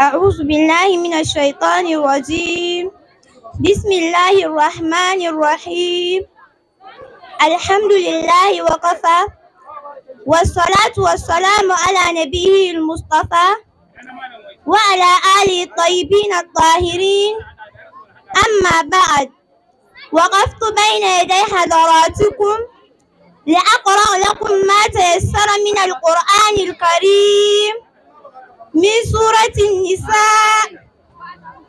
أعوذ بالله من الشيطان الرجيم بسم الله الرحمن الرحيم الحمد لله وقفا والصلاة والسلام على نبيه المصطفى وعلى آله الطيبين الطاهرين أما بعد وقفت بين يدي حضراتكم لأقرأ لكم ما تيسر من القرآن الكريم من سورة النساء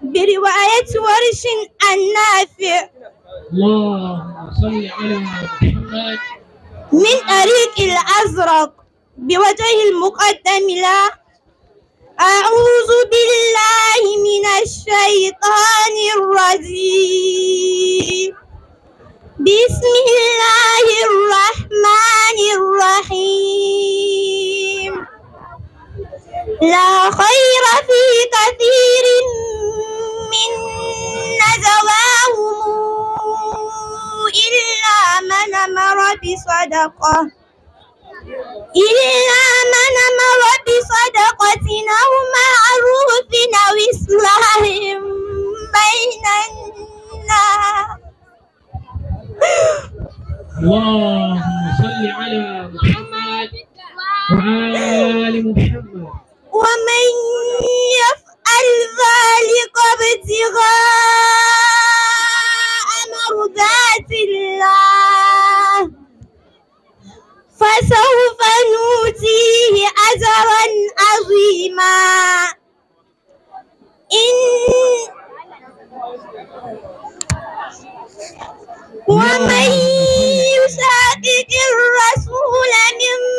برواية ورش النافع اللهم صل على محمد من أريك الأزرق بوجه المقدم له أعوذ بالله من الشيطان الرجيم بسم الله لا خير في كثير من نزواهم إلا من أمر بصدقة إلا من أمر بصدقة أو معروف أو إصلاح بين الناس اللهم صل على محمد آل محمد ومن يفعل ذلك ابتغاء مرضات الله فسوف نؤتيه أجرا عظيما إن نعم. ومن يشاقق الرسول من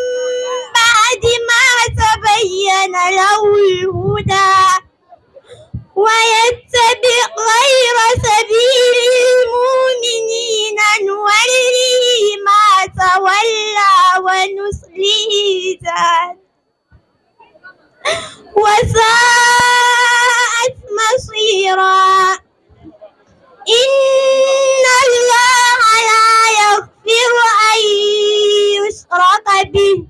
كان له الهدى ويتبع غير سبيل المؤمنين نوله ما تولى ونصله ذات وساءت مصيرا إن الله لا يغفر أن يشرك به